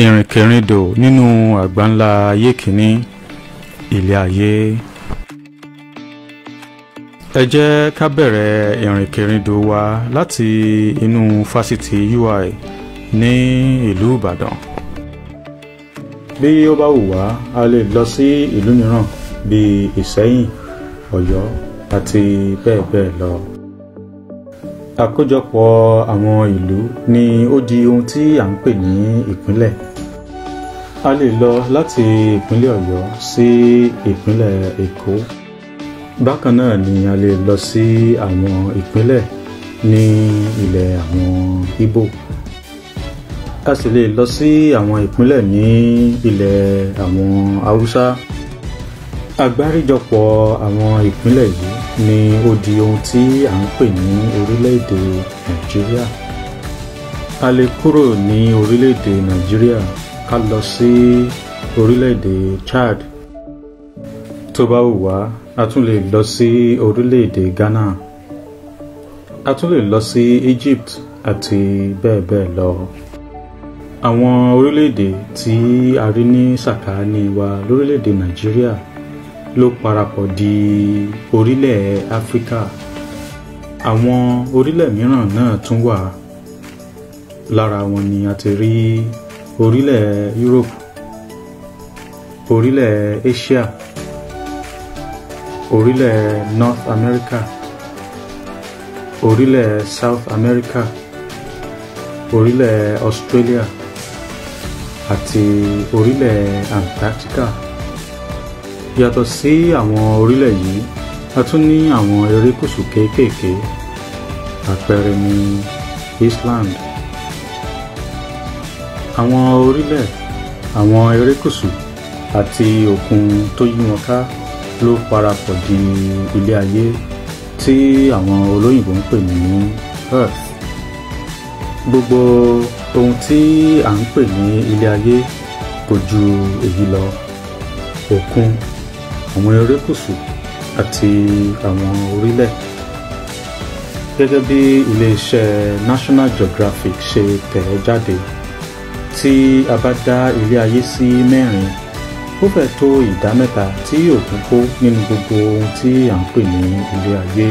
ìrìnkèrindò nínú àgbáńlá ayé kìíní ilé ayé ẹ jẹ́ ká bẹ̀rẹ̀ ìrìnkèrindò wa láti inú fásitì UI ní ìlú Ìbàdàn bí ó bá wù wá a lè lọ sí ìlú mìíràn bíi Ìṣẹ́yìn Ọ̀yọ́ àti bẹ́ẹ̀ bẹ́ẹ̀ lọ àkójọpọ̀ àwọn ìlú ni ó di ohun tí à ń pè ní ìpínlẹ̀ a lè lọ láti ìpínlẹ̀ ọ̀yọ́ sí ìpínlẹ̀ èkó bákan náà ni a lè lọ sí àwọn ìpínlẹ̀ ní ilẹ̀ àwọn Ìgbò a sì lè lọ sí àwọn ìpínlẹ̀ ní ilẹ̀ àwọn haúsá àgbáríjọpọ̀ àwọn ìpínlẹ̀ yìí ni ó di ohun tí à ń pè ní orílẹ̀-èdè nàìjíríà a lè kúrò ní orílẹ̀-èdè nàìjíríà ká lọ sí orílẹ̀-èdè Chad tó bá wù wá a tún lè lọ sí orílẹ̀-èdè Ghana a tún lè lọ sí Egypt àti bẹ́ẹ̀ bẹ́ẹ̀ lọ àwọn orílẹ̀-èdè tí a rí ní sàkáání wa lórílẹ̀-èdè nàìjíríà ló parapọ̀ di orílẹ̀ áfíríkà àwọn orílẹ̀ mìíràn náà tún wà lára wọn ni a ti rí orílẹ̀ Europe orílẹ̀ Asia orílẹ̀ North America orílẹ̀ South America orílẹ̀ Australia àti orílẹ̀ Antarctica yàtọ̀ sí àwọn orílẹ̀ yìí a tún ní àwọn erékùṣù kéékèèké àpẹẹrẹ ní Iceland àwọn orílẹ̀ àwọn erékùṣù àti òkun tó yí wọn ká ló parapọ̀ di ilé ayé tí àwọn olóyìnbó ń pè ní earth gbogbo ohun tí à ń pè ní ilé ayé kò ju èyí lọ òkun àwọn erékùṣù àti àwọn orílẹ̀ gẹ́gẹ́ bí iléeṣẹ́ National Geographic ṣe tẹ̀ ẹ́ jáde tí a bá dá ilé ayé sí mẹ́rin ó fẹ́ tó ìdá mẹ́ta tí òkun kó nínú gbogbo ohun tí à ń pè ní ilé ayé.